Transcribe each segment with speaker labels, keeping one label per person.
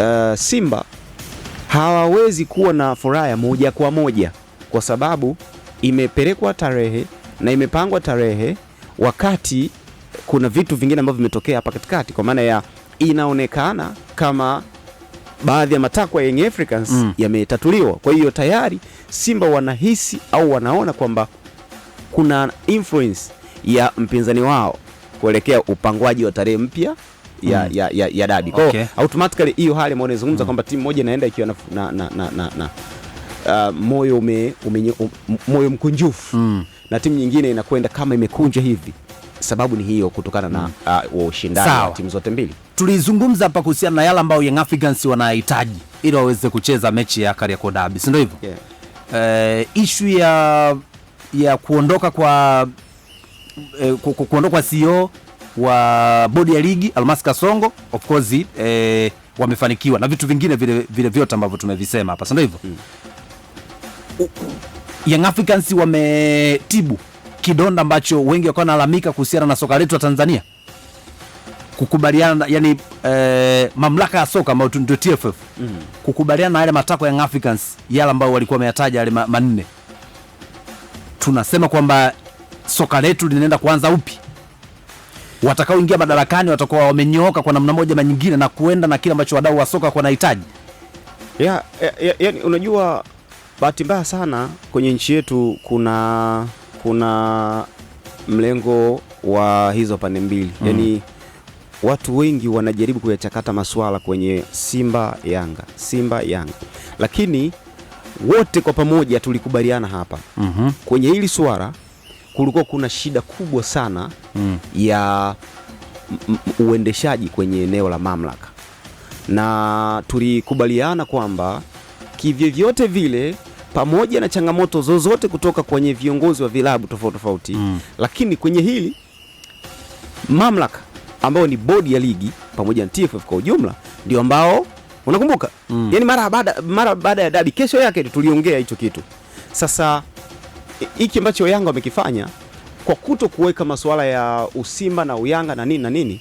Speaker 1: uh, Simba hawawezi kuwa na furaha ya moja kwa moja kwa sababu imepelekwa tarehe na imepangwa tarehe, wakati kuna vitu vingine ambavyo vimetokea hapa katikati, kwa maana ya inaonekana kama baadhi ya matakwa ya Young Africans mm. yametatuliwa. Kwa hiyo tayari Simba wanahisi au wanaona kwamba kuna influence ya mpinzani wao kuelekea upangwaji wa tarehe mpya ya, mm. ya, ya, ya dabi okay. hiyo automatically hiyo hali ambayo unazungumza mm. kwamba timu moja inaenda ikiwa na, na, na, na, na. Uh, moyo ume, ume, um, moyo mkunjufu mm. na timu nyingine inakwenda kama imekunja hivi sababu ni hiyo kutokana na hmm. uh, ushindani wa timu zote mbili.
Speaker 2: Tulizungumza hapa kuhusiana na yale ambayo Young Africans wanahitaji ili waweze kucheza mechi ya Kariakoo Derby, si ndio hivyo? Yeah. Uh, eh, ishu ya ya kuondoka kwa eh, kuondoka kwa CEO wa bodi ya ligi Almasi Kasongo of course eh, wamefanikiwa na vitu vingine vile, vile vyote ambavyo tumevisema hapa, si ndio hivyo? mm. Young Africans wametibu kidonda ambacho wengi wakawa nalalamika kuhusiana na soka letu la Tanzania kukubaliana yani, eh, mamlaka ya soka ambayo ndio TFF mm. kukubaliana na yale matakwa ya Young Africans yale ambayo walikuwa wameyataja yale manne, tunasema kwamba soka letu linaenda kuanza upi watakaoingia madarakani watakuwa wamenyooka kwa namna moja na nyingine na kuenda na kile ambacho wadau wa soka wanahitaji.
Speaker 1: ya, ya, ya, unajua bahati mbaya sana kwenye nchi yetu kuna kuna mlengo wa hizo pande mbili mm. Yaani watu wengi wanajaribu kuyachakata masuala kwenye Simba Yanga, Simba Yanga, lakini wote kwa pamoja tulikubaliana hapa mm -hmm. kwenye hili swara kulikuwa kuna shida kubwa sana mm. ya uendeshaji kwenye eneo la mamlaka, na tulikubaliana kwamba kivyovyote vile pamoja na changamoto zozote kutoka kwenye viongozi wa vilabu tofauti tofauti mm. lakini kwenye hili mamlaka ambayo ni bodi ya ligi pamoja na TFF kwa ujumla ndio ambao unakumbuka mm. yani mara baada mara baada ya dabi kesho yake tuliongea hicho kitu sasa hiki ambacho Yanga wamekifanya kwa kuto kuweka masuala ya usimba na uyanga na nini na nini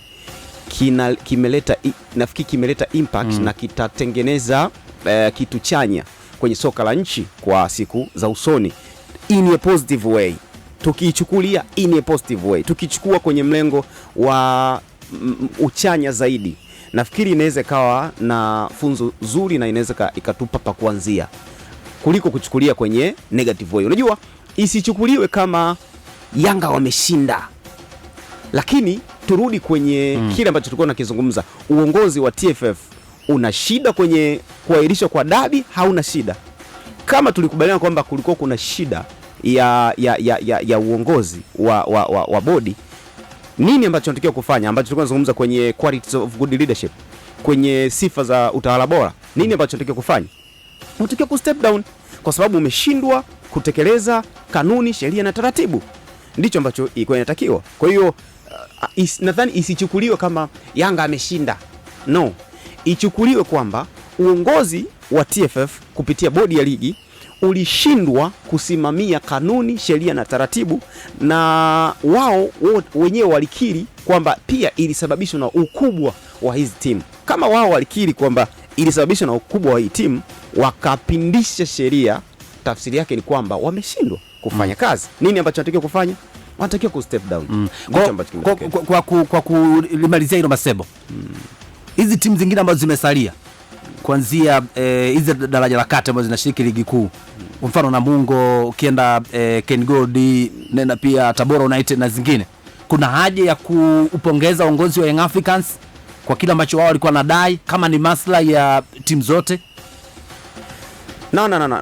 Speaker 1: kina, kimeleta nafikiri kimeleta impact mm. na kitatengeneza uh, kitu chanya kwenye soka la nchi kwa siku za usoni in a positive way, tukiichukulia in a positive way, tukichukua kwenye mlengo wa m, mm, uchanya zaidi, nafikiri inaweza ikawa na funzo zuri na inaweza ikatupa pa kuanzia kuliko kuchukulia kwenye negative way. Unajua isichukuliwe kama Yanga wameshinda, lakini turudi kwenye mm. kile ambacho tulikuwa tunakizungumza. Uongozi wa TFF una shida kwenye kuahirisha kwa dabi, hauna shida? Kama tulikubaliana kwamba kulikuwa kuna shida ya, ya, ya, ya, ya uongozi wa, wa, wa, wa bodi, nini ambacho tunatakiwa kufanya, ambacho tulikuwa tunazungumza kwenye qualities of good leadership, kwenye sifa za utawala bora, nini ambacho tunatakiwa kufanya? Unatakiwa ku step down kwa sababu umeshindwa kutekeleza kanuni, sheria na taratibu, ndicho ambacho ilikuwa inatakiwa. Kwa hiyo uh, is, nadhani isichukuliwe kama Yanga ameshinda, no, ichukuliwe kwamba uongozi wa TFF kupitia bodi ya ligi ulishindwa kusimamia kanuni, sheria na taratibu, na wao wenyewe walikiri kwamba pia ilisababishwa na ukubwa wa hizi timu. Kama wao walikiri kwamba ilisababishwa na ukubwa wa hii timu, wakapindisha sheria tafsiri yake ni kwamba wameshindwa kufanya mm. kazi. Nini ambacho anatakiwa kufanya? Wanatakiwa ku step down
Speaker 2: mm. kwa, kwa, kulimalizia hilo masebo mm. hizi mm. timu zingine ambazo zimesalia kuanzia eh, hizi eh, daraja la kati ambazo zinashiriki ligi kuu mm. kwa mfano Namungo, ukienda eh, Gold, nenda pia Tabora United na zingine, kuna haja ya kuupongeza uongozi wa Young Africans kwa kile ambacho wao walikuwa nadai, kama ni maslahi ya timu zote. No, no, no, no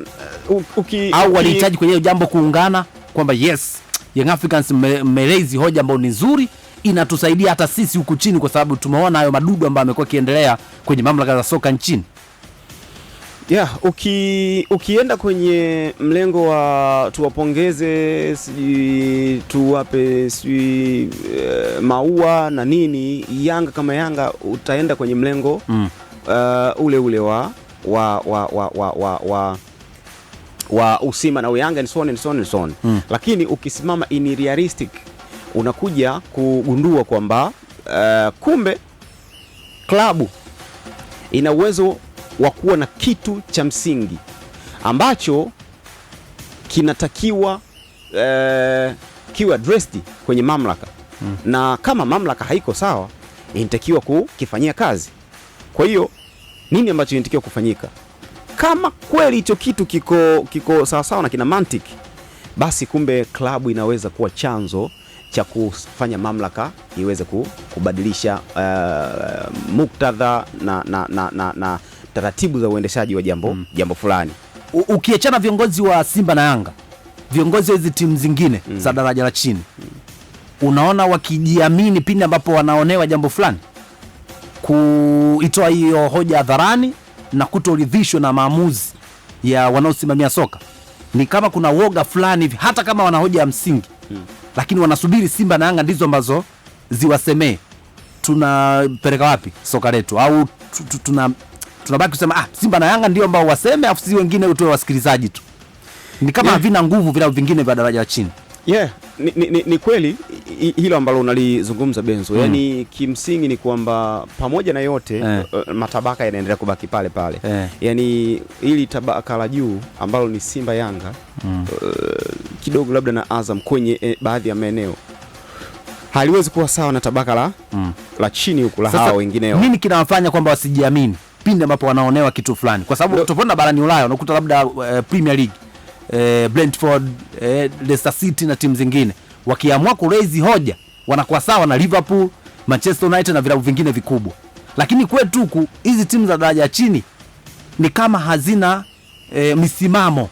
Speaker 2: au walihitaji kwenye jambo kuungana kwamba yes, Young Africans mmeraise hoja ambayo ni nzuri, inatusaidia hata sisi huku chini, kwa sababu tumeona hayo madudu ambayo amekuwa akiendelea kwenye mamlaka za soka nchini.
Speaker 1: Yeah, uki, ukienda kwenye mlengo wa tuwapongeze, sijui tuwape, sijui e, maua na nini, Yanga kama Yanga utaenda kwenye mlengo mm. uh, ule ule wa wa wa wa, wa, wa, wa wa Usima na Uyanga and so on and so on and so on. Mm. Lakini ukisimama in realistic unakuja kugundua kwamba uh, kumbe klabu ina uwezo wa kuwa na kitu cha msingi ambacho kinatakiwa uh, kiwe addressed kwenye mamlaka mm. Na kama mamlaka haiko sawa, inatakiwa kukifanyia kazi. Kwa hiyo nini ambacho inatakiwa kufanyika? kama kweli hicho kitu kiko kiko sawasawa na kina mantiki, basi kumbe klabu inaweza kuwa chanzo cha kufanya mamlaka iweze kubadilisha uh, muktadha na, na, na, na, na taratibu za uendeshaji wa jambo, mm. jambo fulani.
Speaker 2: Ukiachana viongozi wa Simba na Yanga, viongozi wa hizi timu zingine mm. za daraja la chini mm. unaona wakijiamini pindi ambapo wanaonewa jambo fulani, kuitoa hiyo hoja hadharani na kutoridhishwa na maamuzi ya wanaosimamia soka, ni kama kuna woga fulani hivi, hata kama wana hoja ya msingi hmm. Lakini wanasubiri Simba na Yanga ndizo ambazo ziwasemee tunapeleka wapi soka letu, au tuna tunabaki kusema ah, Simba na Yanga ndio ambao waseme, afu si wengine utoe wasikilizaji tu, ni kama yaani havina yeah, nguvu vila vingine vya daraja la chini.
Speaker 1: Yeah, ni, ni, ni kweli hilo ambalo unalizungumza Benzo mm. Yaani kimsingi ni kwamba pamoja na yote eh. Eh, eh, matabaka yanaendelea kubaki pale pale eh. Yaani hili tabaka la juu ambalo ni Simba Yanga mm. uh, kidogo labda na Azam kwenye eh, baadhi ya maeneo haliwezi kuwa sawa na tabaka la, mm. la chini huku la hawa wengineo.
Speaker 2: Nini kinawafanya kwamba wasijiamini pindi ambapo wanaonewa kitu fulani, kwa sababu tofauti na barani Ulaya unakuta labda uh, Premier League eh, Brentford eh, Leicester City na timu zingine wakiamua kuraise hoja wanakuwa sawa na Liverpool, Manchester United na vilabu vingine vikubwa, lakini kwetu huku hizi timu za daraja chini ni kama hazina eh, misimamo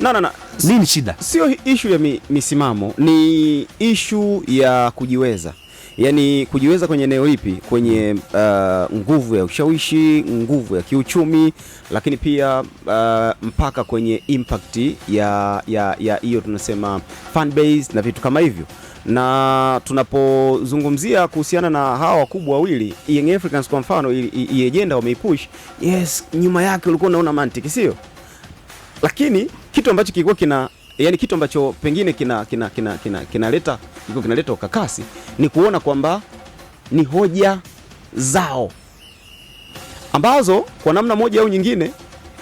Speaker 2: no, no, no. Nini shida?
Speaker 1: Sio ishu ya mi, misimamo ni ishu ya kujiweza yani kujiweza kwenye eneo lipi? Kwenye uh, nguvu ya ushawishi, nguvu ya kiuchumi, lakini pia uh, mpaka kwenye impact ya ya ya hiyo tunasema fan base na vitu kama hivyo na tunapozungumzia kuhusiana na hawa wakubwa wawili Young Africans kwa mfano, hii agenda wameipush, yes, nyuma yake ulikuwa unaona mantiki, sio? Lakini kitu ambacho kilikuwa kina, yani kitu ambacho pengine kina kinaleta kina, kina, kina iko kinaleta ukakasi ni kuona kwamba ni hoja zao ambazo kwa namna moja au nyingine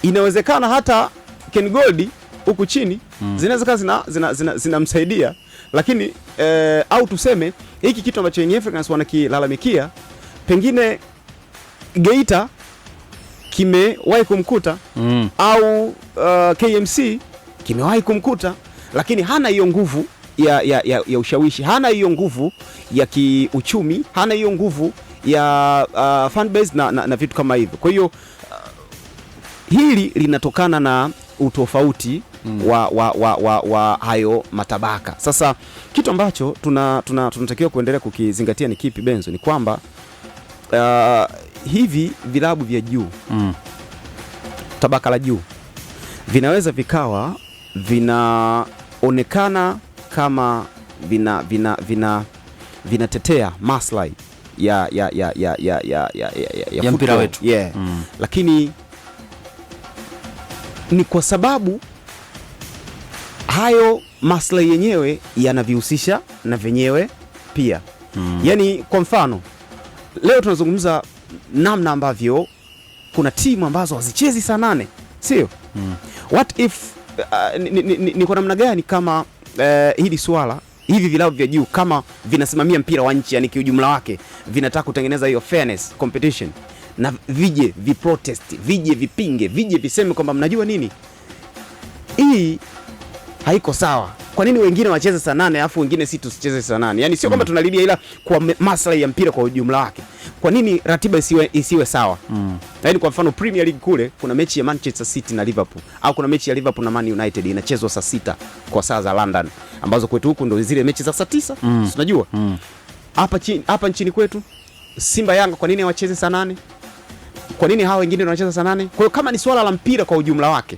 Speaker 1: inawezekana hata Ken Gold huku chini mm. zinawezekana zinamsaidia zina, zina, zina lakini eh, au tuseme hiki kitu ambacho Young Africans wanakilalamikia pengine Geita kimewahi kumkuta mm. au uh, eh, KMC kimewahi kumkuta, lakini hana hiyo nguvu ya, ya, ya, ya ushawishi, hana hiyo nguvu ya kiuchumi, hana hiyo nguvu ya uh, fan base na, na, na vitu kama hivyo. Kwa hiyo uh, hili linatokana na utofauti mm. wa, wa, wa, wa, wa hayo matabaka. Sasa kitu ambacho tunatakiwa tuna, tuna kuendelea kukizingatia ni kipi, Benzo? Ni kwamba uh, hivi vilabu vya juu mm. tabaka la juu vinaweza vikawa vinaonekana kama vinatetea vina, vina, vinatetea maslahi ya,
Speaker 2: ya, ya, ya, ya, ya, ya, ya, ya mpira wetu
Speaker 1: yeah. mm. Lakini ni kwa sababu hayo maslahi yenyewe yanavihusisha na vyenyewe pia mm. Yaani, kwa mfano leo tunazungumza namna ambavyo kuna timu ambazo hazichezi saa nane, sio mm. What if uh, ni, ni, ni, ni kwa namna gani kama eh, hili swala hivi vilabu vya juu kama vinasimamia mpira wa nchi, yani kiujumla wake vinataka kutengeneza hiyo fairness competition, na vije viprotest, vije vipinge, vije viseme kwamba mnajua nini, hii haiko sawa kwa nini wengine wacheze saa nane alafu wengine si tusicheze saa nane? Yani sio kwamba mm. tunalilia ila kwa maslahi ya mpira kwa ujumla wake, kwa nini ratiba isiwe, isiwe sawa mm. Yani kwa mfano Premier League kule kuna mechi ya Manchester City na Liverpool au kuna mechi ya Liverpool na Man United inachezwa saa sita kwa saa za London ambazo kwetu huku ndo zile mechi za saa tisa mm. unajua mm. hapa mm. chini, hapa nchini kwetu Simba Yanga kwa nini wacheze saa nane? Kwa nini hawa wengine wanacheza saa nane? Kwa hiyo kama ni swala la mpira kwa ujumla wake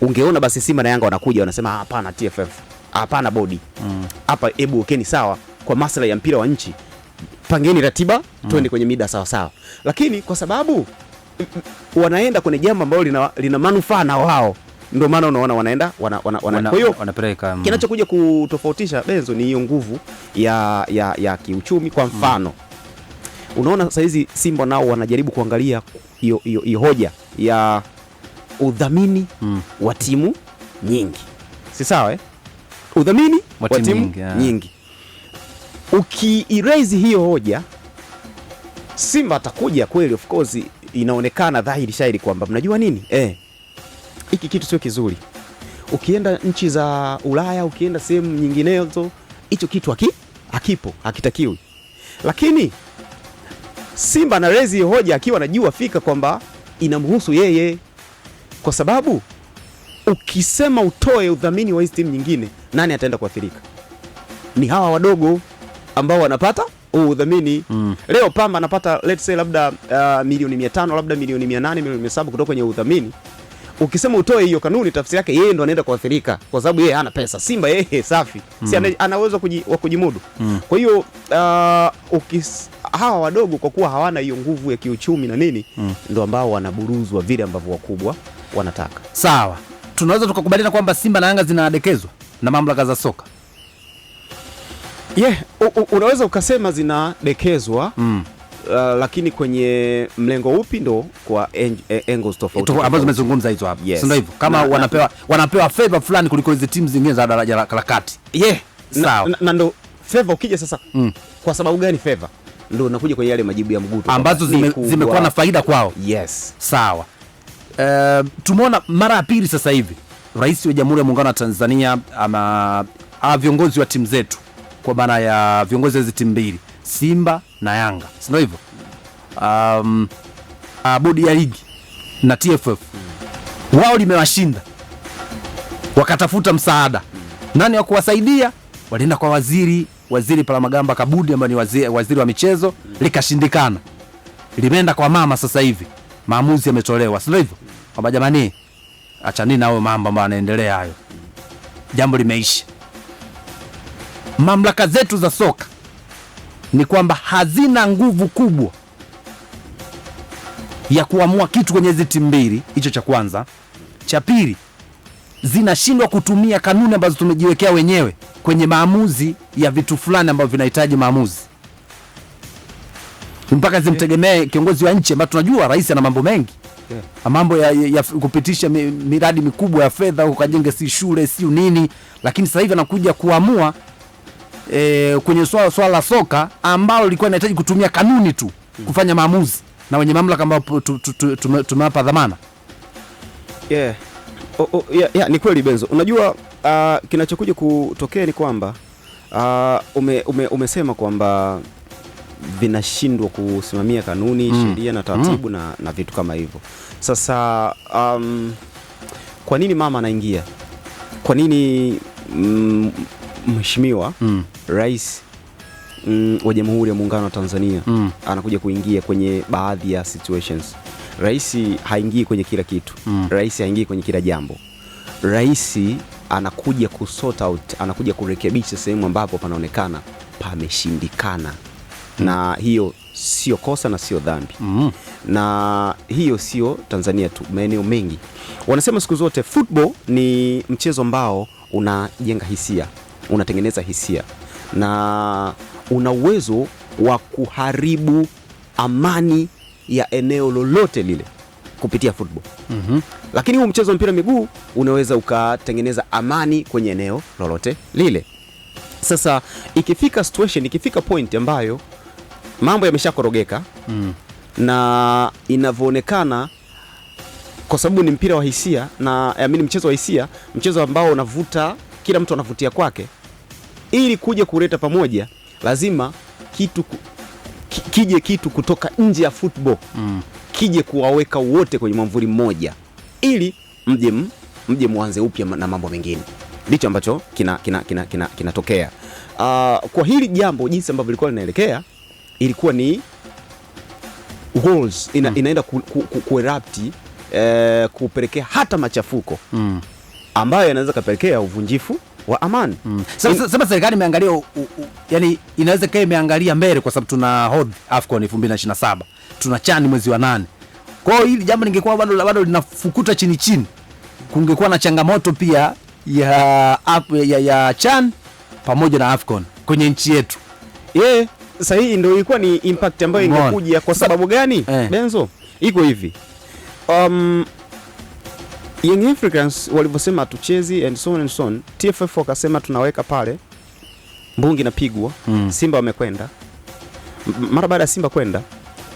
Speaker 1: ungeona basi Simba na Yanga wanakuja wanasema ah, hapana TFF, hapana bodi mm. hapa mm. Ebu okeni sawa, kwa maslahi ya mpira wa nchi pangeni ratiba mm. Twende kwenye mida sawa sawa, lakini kwa sababu mm, mm, wanaenda kwenye jambo ambalo lina, lina manufaa na wao ndio maana unaona wanaenda wana, wana, wana, kwa hiyo wanapeleka um... kinachokuja kutofautisha Benzo ni hiyo nguvu ya, ya, ya kiuchumi kwa mfano mm. Unaona hizi Simba nao wanajaribu kuangalia hiyo hoja ya udhamini mm. wa timu nyingi, si sawa eh? Udhamini wa timu nyingi, yeah. nyingi. Ukiiraise hiyo hoja Simba atakuja kweli, of course inaonekana dhahiri shairi kwamba mnajua nini eh, hiki eh, kitu sio kizuri. Ukienda nchi za Ulaya, ukienda sehemu nyinginezo, hicho kitu haki, hakipo, hakitakiwi. Lakini Simba na rezi hoja akiwa anajua fika kwamba inamhusu yeye kwa sababu ukisema utoe udhamini wa hizi timu nyingine, nani ataenda kuathirika? Ni hawa wadogo ambao wanapata huu udhamini mm. Leo Pamba anapata let's say labda uh, milioni 500 labda milioni 800 milioni 700 kutoka kwenye udhamini. Ukisema utoe hiyo kanuni, tafsiri yake yeye ndo anaenda kuathirika, kwa kwa sababu yeye hana pesa. Simba yeye safi mm. si anaweza kuji, wa kujimudu mm. kwa hiyo uh, ukis, hawa wadogo kwa kuwa hawana hiyo nguvu ya kiuchumi na nini mm. ndo ambao wanaburuzwa vile ambavyo wakubwa wanataka.
Speaker 2: Sawa, tunaweza tukakubaliana kwamba Simba na Yanga zinadekezwa na mamlaka za soka.
Speaker 1: Yeah, unaweza ukasema zinadekezwa mm. Uh, lakini kwenye mlengo upi ndo kwa ang e, angles tofauti
Speaker 2: eh, ambazo hizo hapo, yes. hivyo kama na, wanapewa na, wanapewa favor fulani kuliko hizi timu zingine za daraja la kati
Speaker 1: yeah. Sawa na, ndo fedha ukija sasa mm. Kwa sababu gani fedha ndo unakuja kwenye yale majibu ya mguto
Speaker 2: ambazo zimekuwa zime na faida kwao yes. Sawa. Eh, tumeona mara ya pili sasa hivi Rais wa Jamhuri ya Muungano wa Tanzania ama viongozi wa timu zetu kwa maana ya viongozi wa hizo timu mbili Simba na Yanga, si ndio hivyo? Um, bodi ya ligi na TFF wao limewashinda, wakatafuta msaada. Nani wa kuwasaidia? Walienda kwa waziri, waziri Palamagamba Kabudi ambaye ni waziri, waziri wa michezo, likashindikana, limeenda kwa mama sasa hivi maamuzi yametolewa, si ndio hivyo? Kwamba jamani, achani nao mambo ambayo yanaendelea hayo, jambo limeisha. Mamlaka zetu za soka ni kwamba hazina nguvu kubwa ya kuamua kitu kwenye hizi timu mbili. Hicho cha kwanza. Cha pili, zinashindwa kutumia kanuni ambazo tumejiwekea wenyewe kwenye maamuzi ya vitu fulani ambavyo vinahitaji maamuzi mpaka zimtegemee kiongozi wa nchi ambayo tunajua rais ana mambo mengi yeah. mambo ya, ya, ya kupitisha miradi mikubwa ya fedha ukajenge si shule si nini, lakini sasa hivi anakuja kuamua e, kwenye swala swala la soka ambalo lilikuwa linahitaji kutumia kanuni tu mm. kufanya maamuzi na wenye mamlaka ambao tumewapa dhamana
Speaker 1: yeah. Oh, oh, yeah, yeah, ni kweli Benzo, unajua uh, kinachokuja kutokea ni kwamba uh, ume, ume, umesema kwamba vinashindwa kusimamia kanuni mm. sheria na taratibu mm. na, na vitu kama hivyo. Sasa um, kwa nini mama anaingia? Kwa nini mm, mheshimiwa mm, rais mm, wa Jamhuri ya Muungano wa Tanzania mm, anakuja kuingia kwenye baadhi ya situations? Rais haingii kwenye kila kitu mm. Rais haingii kwenye kila jambo. Rais anakuja kusort out, anakuja kurekebisha sehemu ambapo panaonekana pameshindikana na hiyo sio kosa na sio dhambi mm. Na hiyo sio Tanzania tu, maeneo mengi. Wanasema siku zote football ni mchezo ambao unajenga hisia, unatengeneza hisia na una uwezo wa kuharibu amani ya eneo lolote lile kupitia football. Mm -hmm. Lakini huu mchezo wa mpira miguu unaweza ukatengeneza amani kwenye eneo lolote lile. Sasa ikifika situation, ikifika point ambayo mambo yameshakorogeka mm. na inavyoonekana kwa sababu ni mpira wa hisia na amini, mchezo wa hisia, mchezo ambao unavuta, kila mtu anavutia kwake. Ili kuja kuleta pamoja, lazima kitu kije kitu kutoka nje ya football mm. kije kuwaweka wote kwenye mwamvuli mmoja, ili mje mje mwanze upya na mambo mengine. Ndicho ambacho kinatokea kina, kina, kina, kina uh, kwa hili jambo, jinsi ambavyo ilikuwa linaelekea ilikuwa ni holes, ina, mm. inaenda ku, ku, ku, eh, kupelekea hata machafuko mm. ambayo yanaweza kapelekea uvunjifu wa amani mm.
Speaker 2: Sasa serikali imeangalia yani, inaweza kaa imeangalia mbele, kwa sababu tuna hold AFCON 2027 tuna chani mwezi wa nane. Kwa hiyo hili jambo lingekuwa bado bado linafukuta chini chini, kungekuwa na changamoto pia ya, ya, ya, ya chan pamoja na AFCON kwenye nchi yetu
Speaker 1: yeah sasa hii ndio ilikuwa ni impact ambayo ingekuja kwa sababu gani? Eh. Benzo iko hivi um, Young Africans walivyosema tucheze and so on and so on, TFF wakasema tunaweka pale, mbungi napigwa mm. Simba wamekwenda mara baada ya Simba kwenda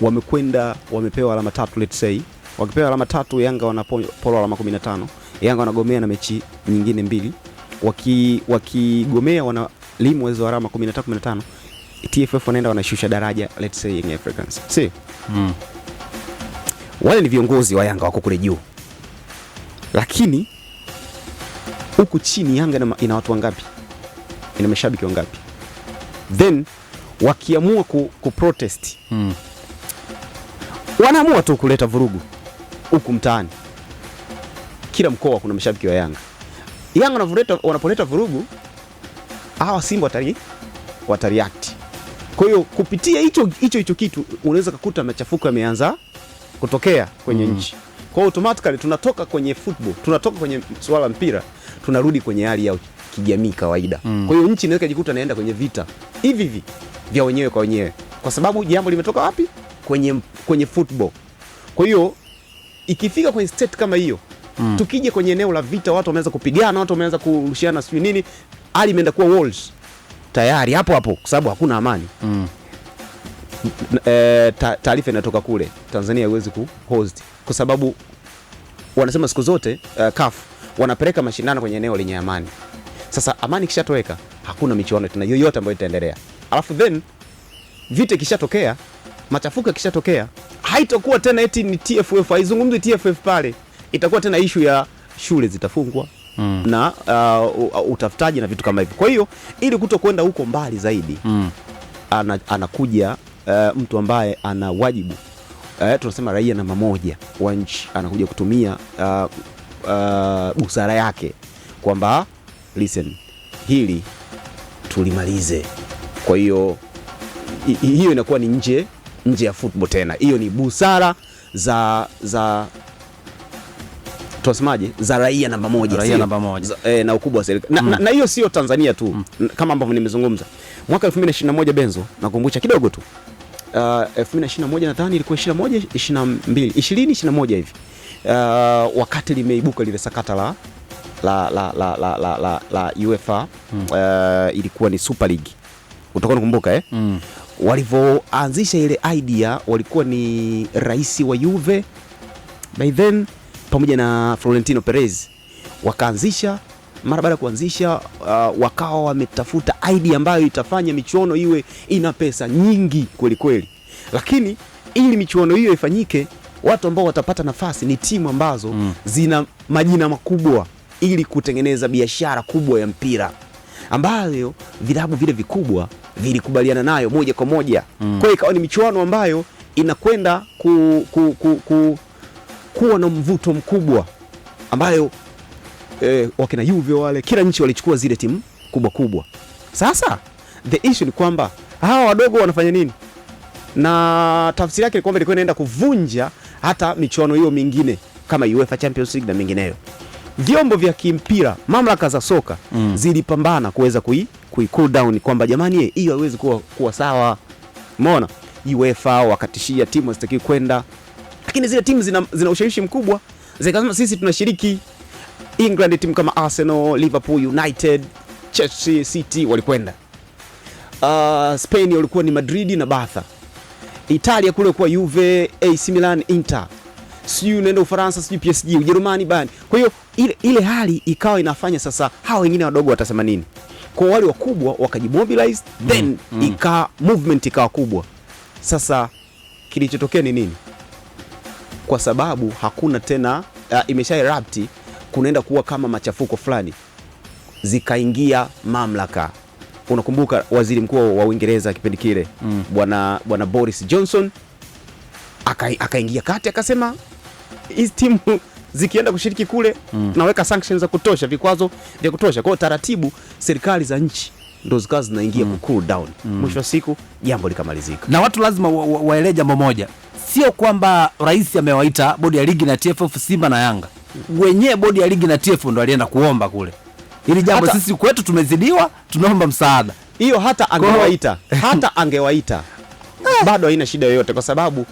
Speaker 1: wamekwenda wamepewa alama tatu, let's say wakipewa alama tatu, Yanga wanapolwa alama 15. Yanga wanagomea na mechi nyingine mbili, wakigomea waki wanalimu wezo alama 13 15 TFF wanaenda wanashusha daraja let's say Young Africans. Si? Mm. Wale ni viongozi wa Yanga wako kule juu, lakini huku chini Yanga ina watu wangapi? Ina mashabiki wangapi? Then wakiamua ku, ku protest mm. wanaamua tu kuleta vurugu huku mtaani. Kila mkoa kuna mashabiki wa Yanga. Yanga wanapoleta vurugu hawa Simba watari, watareact kwa hiyo kupitia hicho hicho hicho kitu unaweza kukuta machafuko yameanza kutokea kwenye mm. nchi. Kwa automatically tunatoka kwenye football, tunatoka kwenye swala mpira, tunarudi kwenye hali ya kijamii kawaida. Mm. Kwa hiyo nchi inaweza kujikuta inaenda kwenye vita hivi hivi vya wenyewe kwa wenyewe, kwa sababu jambo limetoka wapi? Kwenye, kwenye football. Kwa hiyo ikifika kwenye state kama hiyo mm. tukije kwenye eneo la vita, watu wameanza kupigana, watu wameanza kurushiana sijui nini, hali imeenda kuwa walls tayari hapo hapo, kwa sababu hakuna amani mm. E, taarifa inatoka kule Tanzania haiwezi host kwa sababu wanasema siku zote uh, CAF wanapeleka mashindano kwenye eneo lenye amani. Sasa amani kishatoweka, hakuna michuano tena yoyote ambayo itaendelea, alafu then vita kishatokea, machafuko kishatokea, haitakuwa tena eti ni TFF, haizungumzi TFF pale, itakuwa tena ishu ya shule zitafungwa, mm. na uh, utafutaji na vitu kama hivyo. Kwa hiyo ili kuto kwenda huko mbali zaidi mm. ana, anakuja uh, mtu ambaye ana wajibu uh, tunasema raia namba moja wa nchi anakuja kutumia busara uh, uh, yake kwamba listen, hili tulimalize. Kwa hiyo hiyo inakuwa ni nje nje ya football tena, hiyo ni busara za za tunasemaje za raia namba moja, raia
Speaker 2: namba moja za, e, na ukubwa wa serikali
Speaker 1: na, mm. na, na hiyo sio Tanzania tu mm. kama ambavyo nimezungumza mwaka 2021 Benzo, nakumbusha kidogo tu uh, 2021 nadhani ilikuwa 21 22 20 21 hivi uh, wakati limeibuka lile sakata la la la la la la, la, la UEFA mm. uh, ilikuwa ni Super League utakuwa nakumbuka eh? mm. walivyoanzisha ile idea walikuwa ni rais wa Juve by then pamoja na Florentino Perez wakaanzisha mara baada ya kuanzisha uh, wakawa wametafuta idea ambayo itafanya michuano iwe ina pesa nyingi kweli kweli, lakini ili michuano hiyo ifanyike, watu ambao watapata nafasi ni timu ambazo mm. zina majina makubwa, ili kutengeneza biashara kubwa ya mpira ambayo vilabu vile vikubwa vilikubaliana nayo moja kwa moja mm. Kwa hiyo ikawa ni michuano ambayo inakwenda ku, ku, ku, ku kuwa na mvuto mkubwa ambayo e, wakina Juve wale kila nchi walichukua zile timu kubwa kubwa. Sasa the issue ni kwamba hawa wadogo wanafanya nini, na tafsiri yake ni kwamba ilikuwa inaenda kuvunja hata michuano hiyo mingine kama UEFA Champions League na mingineyo. Vyombo vya kimpira, mamlaka za soka mm. zilipambana kuweza kui, kui cool down kwamba jamani, eh, hiyo haiwezi kuwa, kuwa sawa. Umeona, UEFA wakatishia timu hazitakiwi kwenda lakini zile timu zina, zina ushawishi mkubwa zikasema sisi tunashiriki. England timu kama Arsenal, Liverpool, United, Chelsea, City walikwenda. Uh, Spain walikuwa ni Madrid na Barca. Italia kule kwa Juve, AC Milan, Inter. Sijui unaenda Ufaransa, sijui PSG, Ujerumani, bani. Kwa hiyo ile, ile hali ikawa inafanya sasa hawa wengine wadogo watasema nini? Kwa wale wakubwa wakajimobilize, then mm, mm. ika movement ikawa kubwa. Sasa kilichotokea ni nini? kwa sababu hakuna tena uh, imesha erupti, kunaenda kuwa kama machafuko fulani, zikaingia mamlaka. Unakumbuka waziri mkuu wa Uingereza kipindi kile mm. bwana bwana Boris Johnson akaingia aka kati akasema hizi timu zikienda kushiriki kule mm. naweka sanctions za kutosha, vikwazo vya kutosha. Kwa taratibu, serikali za nchi ndo zikawa zinaingia mm. ku cool down mm. mwisho wa siku jambo likamalizika,
Speaker 2: na watu lazima wa, wa, wa jambo moja sio kwamba rais amewaita bodi ya ligi na TFF, Simba na Yanga wenyewe, bodi ya ligi na TFF ndo alienda kuomba kule hili jambo. Hata... sisi kwetu tumezidiwa, tunaomba msaada.
Speaker 1: Hiyo hata angewaita hata angewaita eh. bado haina shida yoyote, kwa sababu